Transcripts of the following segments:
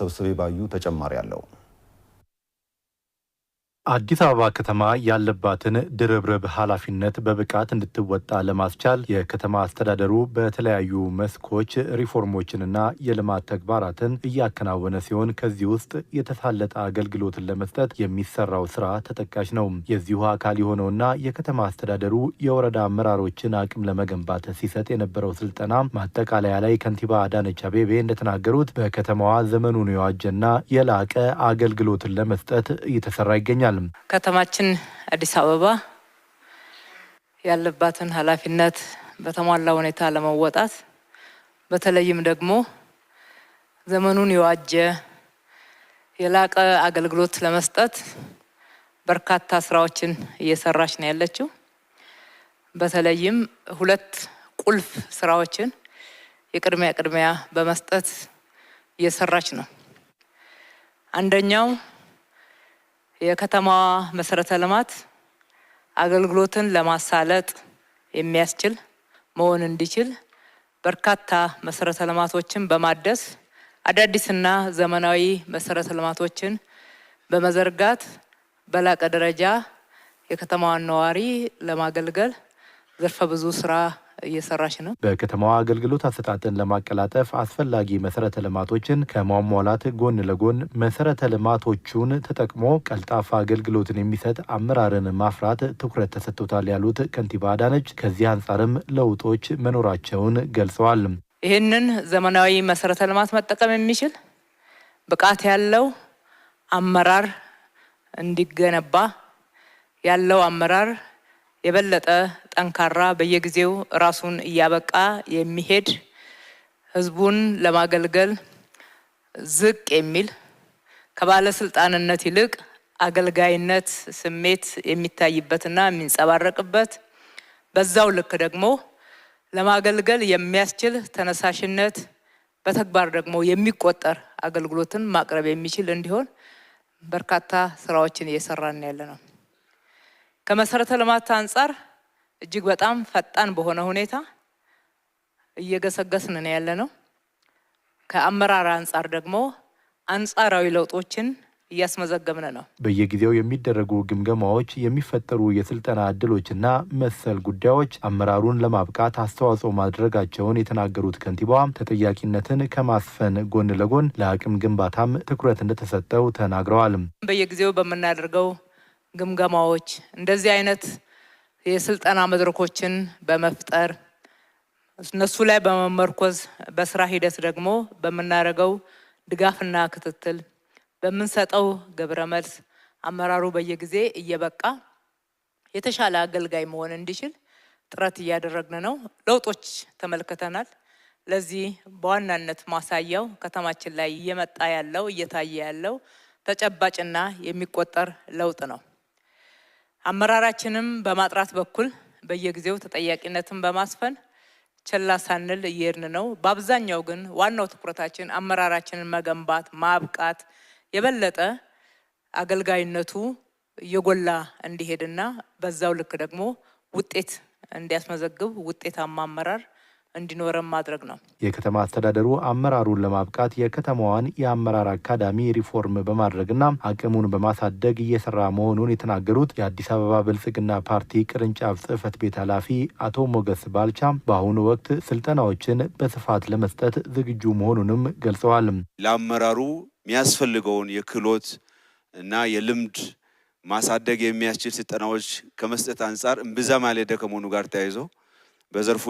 ሰብስቤ ባዩ ተጨማሪ አለው። አዲስ አበባ ከተማ ያለባትን ድርብርብ ኃላፊነት በብቃት እንድትወጣ ለማስቻል የከተማ አስተዳደሩ በተለያዩ መስኮች ሪፎርሞችንና የልማት ተግባራትን እያከናወነ ሲሆን ከዚህ ውስጥ የተሳለጠ አገልግሎትን ለመስጠት የሚሰራው ስራ ተጠቃሽ ነው። የዚሁ አካል የሆነውና የከተማ አስተዳደሩ የወረዳ አመራሮችን አቅም ለመገንባት ሲሰጥ የነበረው ስልጠና ማጠቃለያ ላይ ከንቲባ አዳነች አቤቤ እንደተናገሩት በከተማዋ ዘመኑን የዋጀና የላቀ አገልግሎትን ለመስጠት እየተሰራ ይገኛል። አልቻልም። ከተማችን አዲስ አበባ ያለባትን ኃላፊነት በተሟላ ሁኔታ ለመወጣት በተለይም ደግሞ ዘመኑን የዋጀ የላቀ አገልግሎት ለመስጠት በርካታ ስራዎችን እየሰራች ነው ያለችው። በተለይም ሁለት ቁልፍ ስራዎችን የቅድሚያ ቅድሚያ በመስጠት እየሰራች ነው። አንደኛው የከተማዋ መሰረተ ልማት አገልግሎትን ለማሳለጥ የሚያስችል መሆን እንዲችል በርካታ መሰረተ ልማቶችን በማደስ አዳዲስና ዘመናዊ መሰረተ ልማቶችን በመዘርጋት በላቀ ደረጃ የከተማዋን ነዋሪ ለማገልገል ዘርፈ ብዙ ስራ እየሰራች ነው። በከተማዋ አገልግሎት አሰጣጥን ለማቀላጠፍ አስፈላጊ መሰረተ ልማቶችን ከማሟላት ጎን ለጎን መሰረተ ልማቶቹን ተጠቅሞ ቀልጣፋ አገልግሎትን የሚሰጥ አመራርን ማፍራት ትኩረት ተሰጥቶታል ያሉት ከንቲባ አዳነች ከዚህ አንጻርም ለውጦች መኖራቸውን ገልጸዋል። ይህንን ዘመናዊ መሰረተ ልማት መጠቀም የሚችል ብቃት ያለው አመራር እንዲገነባ ያለው አመራር የበለጠ ጠንካራ በየጊዜው ራሱን እያበቃ የሚሄድ ህዝቡን ለማገልገል ዝቅ የሚል ከባለስልጣንነት ይልቅ አገልጋይነት ስሜት የሚታይበትና የሚንጸባረቅበት በዛው ልክ ደግሞ ለማገልገል የሚያስችል ተነሳሽነት በተግባር ደግሞ የሚቆጠር አገልግሎትን ማቅረብ የሚችል እንዲሆን በርካታ ስራዎችን እየሰራን ያለ ነው። ከመሰረተ ልማት አንጻር እጅግ በጣም ፈጣን በሆነ ሁኔታ እየገሰገስን ነው ያለ ነው። ከአመራር አንጻር ደግሞ አንጻራዊ ለውጦችን እያስመዘገብን ነው። በየጊዜው የሚደረጉ ግምገማዎች፣ የሚፈጠሩ የስልጠና እድሎችና መሰል ጉዳዮች አመራሩን ለማብቃት አስተዋጽኦ ማድረጋቸውን የተናገሩት ከንቲባ ተጠያቂነትን ከማስፈን ጎን ለጎን ለአቅም ግንባታም ትኩረት እንደተሰጠው ተናግረዋል። በየጊዜው በምናደርገው ግምገማዎች፣ እንደዚህ አይነት የስልጠና መድረኮችን በመፍጠር እነሱ ላይ በመመርኮዝ በስራ ሂደት ደግሞ በምናደርገው ድጋፍና ክትትል በምንሰጠው ግብረ መልስ አመራሩ በየጊዜ እየበቃ የተሻለ አገልጋይ መሆን እንዲችል ጥረት እያደረግን ነው። ለውጦች ተመልክተናል። ለዚህ በዋናነት ማሳያው ከተማችን ላይ እየመጣ ያለው እየታየ ያለው ተጨባጭና የሚቆጠር ለውጥ ነው። አመራራችንም በማጥራት በኩል በየጊዜው ተጠያቂነትን በማስፈን ችላ ሳንል እየሄድን ነው። በአብዛኛው ግን ዋናው ትኩረታችን አመራራችንን መገንባት፣ ማብቃት የበለጠ አገልጋይነቱ እየጎላ እንዲሄድና በዛው ልክ ደግሞ ውጤት እንዲያስመዘግብ ውጤታማ አመራር እንዲኖረን ማድረግ ነው። የከተማ አስተዳደሩ አመራሩን ለማብቃት የከተማዋን የአመራር አካዳሚ ሪፎርም በማድረግና አቅሙን በማሳደግ እየሰራ መሆኑን የተናገሩት የአዲስ አበባ ብልጽግና ፓርቲ ቅርንጫፍ ጽህፈት ቤት ኃላፊ አቶ ሞገስ ባልቻ በአሁኑ ወቅት ስልጠናዎችን በስፋት ለመስጠት ዝግጁ መሆኑንም ገልጸዋል። ለአመራሩ የሚያስፈልገውን የክህሎት እና የልምድ ማሳደግ የሚያስችል ስልጠናዎች ከመስጠት አንጻር እምብዛም ያልሄደ ከመሆኑ ጋር ተያይዘው በዘርፉ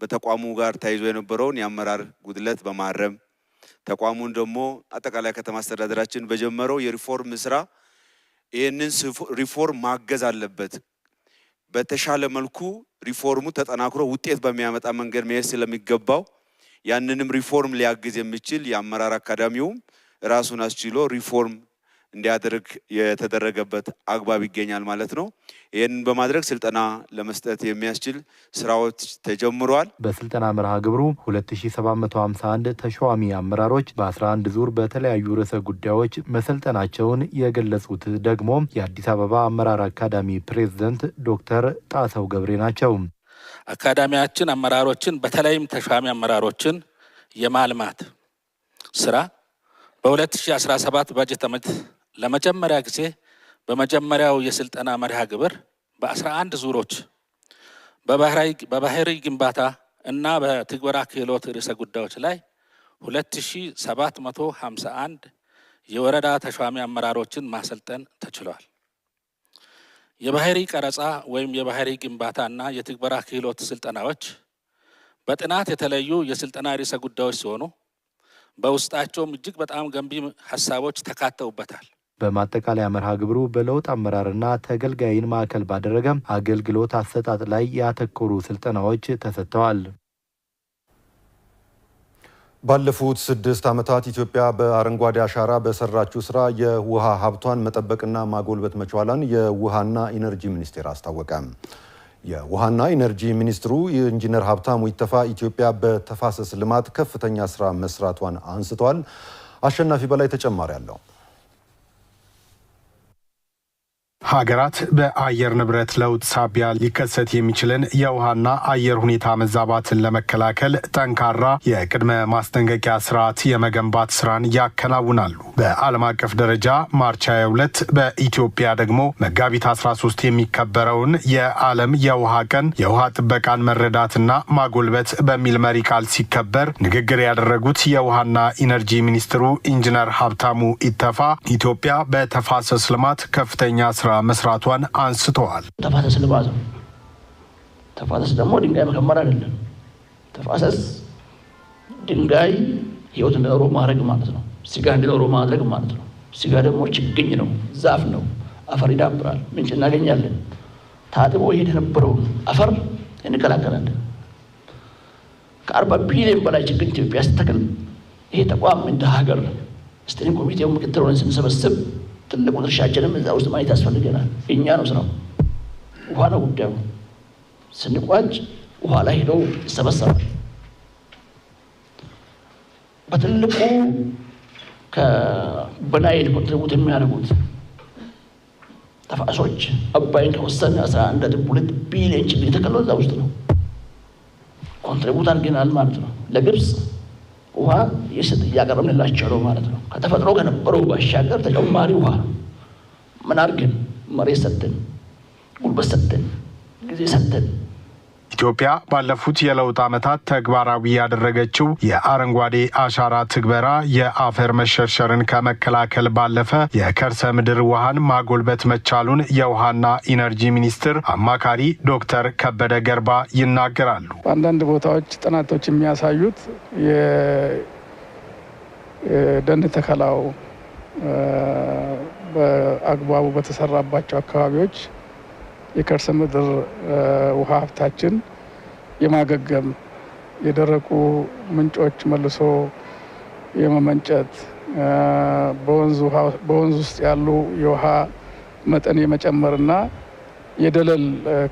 በተቋሙ ጋር ተያይዞ የነበረውን የአመራር ጉድለት በማረም ተቋሙን ደግሞ አጠቃላይ ከተማ አስተዳደራችን በጀመረው የሪፎርም ስራ ይህንን ሪፎርም ማገዝ አለበት። በተሻለ መልኩ ሪፎርሙ ተጠናክሮ ውጤት በሚያመጣ መንገድ መሄድ ስለሚገባው ያንንም ሪፎርም ሊያግዝ የሚችል የአመራር አካዳሚውም ራሱን አስችሎ ሪፎርም እንዲያደርግ የተደረገበት አግባብ ይገኛል ማለት ነው። ይህንን በማድረግ ስልጠና ለመስጠት የሚያስችል ስራዎች ተጀምረዋል። በስልጠና መርሃ ግብሩ 2751 ተሿሚ አመራሮች በ11 ዙር በተለያዩ ርዕሰ ጉዳዮች መሰልጠናቸውን የገለጹት ደግሞ የአዲስ አበባ አመራር አካዳሚ ፕሬዝደንት ዶክተር ጣሰው ገብሬ ናቸው። አካዳሚያችን አመራሮችን በተለይም ተሿሚ አመራሮችን የማልማት ስራ በ2017 ባጀት ዓመት ለመጀመሪያ ጊዜ በመጀመሪያው የስልጠና መርሃ ግብር በ11 ዙሮች በባህሪ ግንባታ እና በትግበራ ክህሎት ርዕሰ ጉዳዮች ላይ 2751 የወረዳ ተሿሚ አመራሮችን ማሰልጠን ተችሏል። የባህሪ ቀረጻ ወይም የባህሪ ግንባታ እና የትግበራ ክህሎት ስልጠናዎች በጥናት የተለዩ የስልጠና ርዕሰ ጉዳዮች ሲሆኑ በውስጣቸውም እጅግ በጣም ገንቢ ሀሳቦች ተካተውበታል። በማጠቃለያ መርሃ ግብሩ በለውጥ አመራርና ተገልጋይን ማዕከል ባደረገ አገልግሎት አሰጣጥ ላይ ያተኮሩ ስልጠናዎች ተሰጥተዋል። ባለፉት ስድስት ዓመታት ኢትዮጵያ በአረንጓዴ አሻራ በሰራችው ስራ የውሃ ሀብቷን መጠበቅና ማጎልበት መቻሏን የውሃና ኢነርጂ ሚኒስቴር አስታወቀ። የውሃና ኢነርጂ ሚኒስትሩ ኢንጂነር ሀብታሙ ኢተፋ ኢትዮጵያ በተፋሰስ ልማት ከፍተኛ ስራ መስራቷን አንስተዋል። አሸናፊ በላይ ተጨማሪ አለው። ሀገራት በአየር ንብረት ለውጥ ሳቢያ ሊከሰት የሚችልን የውሃና አየር ሁኔታ መዛባትን ለመከላከል ጠንካራ የቅድመ ማስጠንቀቂያ ስርዓት የመገንባት ስራን ያከናውናሉ። በዓለም አቀፍ ደረጃ ማርች 22 በኢትዮጵያ ደግሞ መጋቢት 13 የሚከበረውን የዓለም የውሃ ቀን የውሃ ጥበቃን መረዳትና ማጎልበት በሚል መሪ ቃል ሲከበር ንግግር ያደረጉት የውሃና ኢነርጂ ሚኒስትሩ ኢንጂነር ሀብታሙ ኢተፋ ኢትዮጵያ በተፋሰስ ልማት ከፍተኛ ስራ መስራቷን አንስተዋል። ተፋሰስ ልማት ነው። ተፋሰስ ደግሞ ድንጋይ መከመር አይደለም። ተፋሰስ ድንጋይ ህይወት እንዲኖሩ ማድረግ ማለት ነው። ስጋ እንዲኖሩ ማድረግ ማለት ነው። ስጋ ደግሞ ችግኝ ነው፣ ዛፍ ነው። አፈር ይዳብራል፣ ምንጭ እናገኛለን። ታጥቦ ይሄ የነበረው አፈር እንቀላቀላለን። ከአርባ ቢሊዮን በላይ ችግኝ ኢትዮጵያ ስትተክል ይሄ ተቋም እንደ ሀገር ስቴሪንግ ኮሚቴው ምክትል ሆነን ስንሰበስብ ትልቁ ድርሻችንም እዛ ውስጥ ማየት ያስፈልገናል። እኛ ነው ስራው፣ ውሃ ነው ጉዳዩ። ስንቋጭ ውሃ ላይ ሄደው ይሰበሰባል። በትልቁ ከበናይል ኮንትሪቡት የሚያደርጉት ተፋሶች አባይን ከወሰነ አስራ አንድ ነጥብ ሁለት ቢሊዮን ችግኝ የተከለው እዛ ውስጥ ነው። ኮንትሪቡት አድርገናል ማለት ነው ለግብፅ ውሃ የስጥ እያቀረብንላቸው ነው ማለት ነው። ከተፈጥሮ ከነበረው ባሻገር ተጨማሪ ውሃ ምን አድርግን? መሬት ሰትን፣ ጉልበት ሰትን ጊዜ ሰትን። ኢትዮጵያ ባለፉት የለውጥ ዓመታት ተግባራዊ ያደረገችው የአረንጓዴ አሻራ ትግበራ የአፈር መሸርሸርን ከመከላከል ባለፈ የከርሰ ምድር ውሃን ማጎልበት መቻሉን የውሃና ኢነርጂ ሚኒስትር አማካሪ ዶክተር ከበደ ገርባ ይናገራሉ። አንዳንድ ቦታዎች ጥናቶች የሚያሳዩት የደን ተከላው በአግባቡ በተሰራባቸው አካባቢዎች የከርሰ ምድር ውሃ ሀብታችን የማገገም የደረቁ ምንጮች መልሶ የመመንጨት በወንዝ ውስጥ ያሉ የውሃ መጠን የመጨመርና የደለል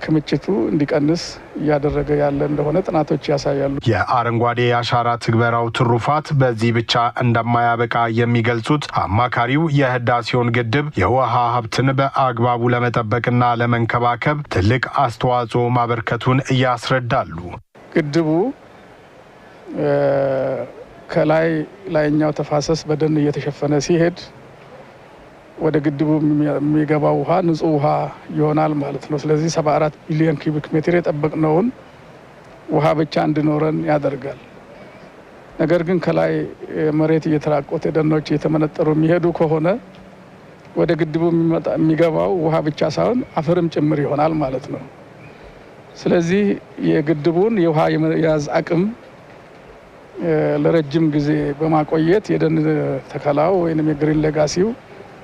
ክምችቱ እንዲቀንስ እያደረገ ያለ እንደሆነ ጥናቶች ያሳያሉ። የአረንጓዴ አሻራ ትግበራው ትሩፋት በዚህ ብቻ እንደማያበቃ የሚገልጹት አማካሪው የህዳሴውን ግድብ የውሃ ሀብትን በአግባቡ ለመጠበቅና ለመንከባከብ ትልቅ አስተዋጽኦ ማበርከቱን እያስረዳሉ። ግድቡ ከላይ ላይኛው ተፋሰስ በደን እየተሸፈነ ሲሄድ ወደ ግድቡ የሚገባው ውሃ ንጹህ ውሃ ይሆናል ማለት ነው። ስለዚህ 74 ቢሊዮን ኪቢክ ሜትር የጠበቅነውን ውሃ ብቻ እንዲኖረን ያደርጋል። ነገር ግን ከላይ መሬት እየተራቆተ ደኖች እየተመነጠሩ የሚሄዱ ከሆነ ወደ ግድቡ የሚገባው ውሃ ብቻ ሳይሆን አፈርም ጭምር ይሆናል ማለት ነው። ስለዚህ የግድቡን የውሃ የመያዝ አቅም ለረጅም ጊዜ በማቆየት የደን ተከላው ወይም የግሪን ሌጋሲው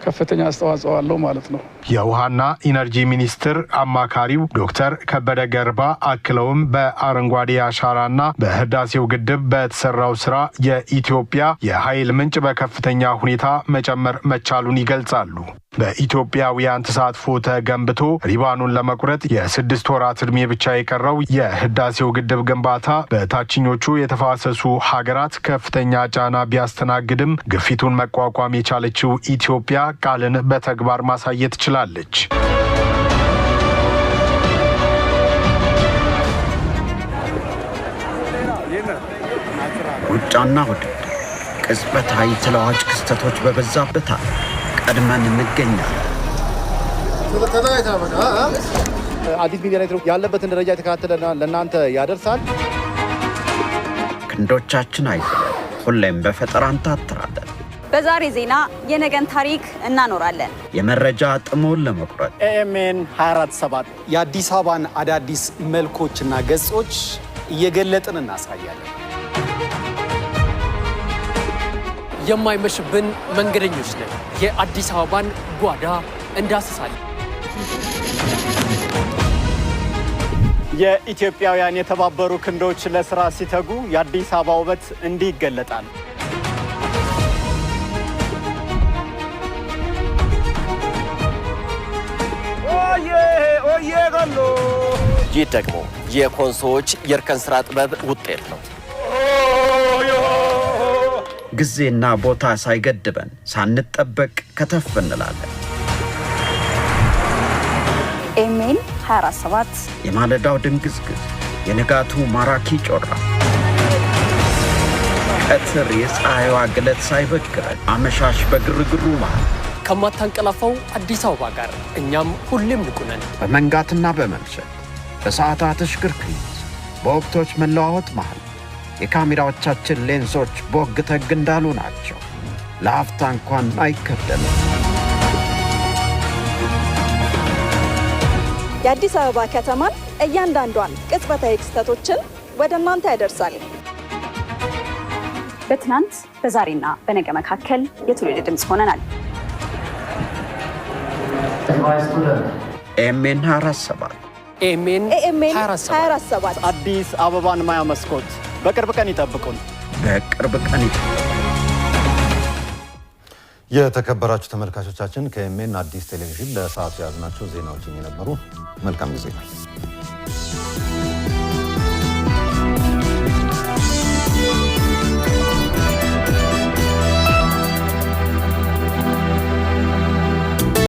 ከፍተኛ አስተዋጽኦ አለው ማለት ነው። የውሃና ኢነርጂ ሚኒስትር አማካሪው ዶክተር ከበደ ገርባ አክለውም በአረንጓዴ አሻራና በህዳሴው ግድብ በተሰራው ስራ የኢትዮጵያ የኃይል ምንጭ በከፍተኛ ሁኔታ መጨመር መቻሉን ይገልጻሉ። በኢትዮጵያውያን ተሳትፎ ተገንብቶ ሪባኑን ለመቁረጥ የስድስት ወራት እድሜ ብቻ የቀረው የህዳሴው ግድብ ግንባታ በታችኞቹ የተፋሰሱ ሀገራት ከፍተኛ ጫና ቢያስተናግድም ግፊቱን መቋቋም የቻለችው ኢትዮጵያ ቃልን በተግባር ማሳየት ትችላለች። ሩጫና ውድድር፣ ቅጽበታዊ ተለዋጭ ክስተቶች በበዛበት ቀድመን እንገኛለን። አዲስ ሚዲያ ኔትወርክ ያለበትን ደረጃ የተከታተለ ለእናንተ ያደርሳል። ክንዶቻችን አይ ሁሌም በፈጠራ እንታትራለን። በዛሬ ዜና የነገን ታሪክ እናኖራለን። የመረጃ ጥሙን ለመቁረጥ ኤኤምኤን 247 የአዲስ አበባን አዳዲስ መልኮችና ገጾች እየገለጥን እናሳያለን። የማይመሽብን መንገደኞች ነን። የአዲስ አበባን ጓዳ እንዳስሳለን። የኢትዮጵያውያን የተባበሩ ክንዶች ለስራ ሲተጉ የአዲስ አበባ ውበት እንዲህ ይገለጣል። ይህ ደግሞ የኮንሶዎች የእርከን ስራ ጥበብ ውጤት ነው። ጊዜና ቦታ ሳይገድበን ሳንጠበቅ ከተፍ እንላለን። ኤሜን 247 የማለዳው ድንግዝግዝ፣ የንጋቱ ማራኪ ጮራ፣ ቀትር የፀሐይዋ ግለት ሳይበግረን፣ አመሻሽ በግርግሩ መሃል ከማታንቀላፋው አዲስ አበባ ጋር እኛም ሁሌም ንቁ ነን። በመንጋትና በመምሸት በሰዓታት እሽክርክሪት፣ በወቅቶች መለዋወጥ መሃል የካሜራዎቻችን ሌንሶች ቦግ ተግ እንዳሉ ናቸው። ለአፍታ እንኳን አይከደንም። የአዲስ አበባ ከተማን እያንዳንዷን ቅጽበታዊ ክስተቶችን ወደ እናንተ ያደርሳል። በትናንት በዛሬና በነገ መካከል የትውልድ ድምፅ ሆነናል። ኤምኤን 24/7 ኤምኤን 24 አዲስ አበባን ማያ መስኮት በቅርብ ቀን ይጠብቁን። በቅርብ ቀን የተከበራችሁ ተመልካቾቻችን ከኤምኤን አዲስ ቴሌቪዥን ለሰዓቱ የያዝናቸው ዜናዎችን የነበሩ መልካም ጊዜ ነው።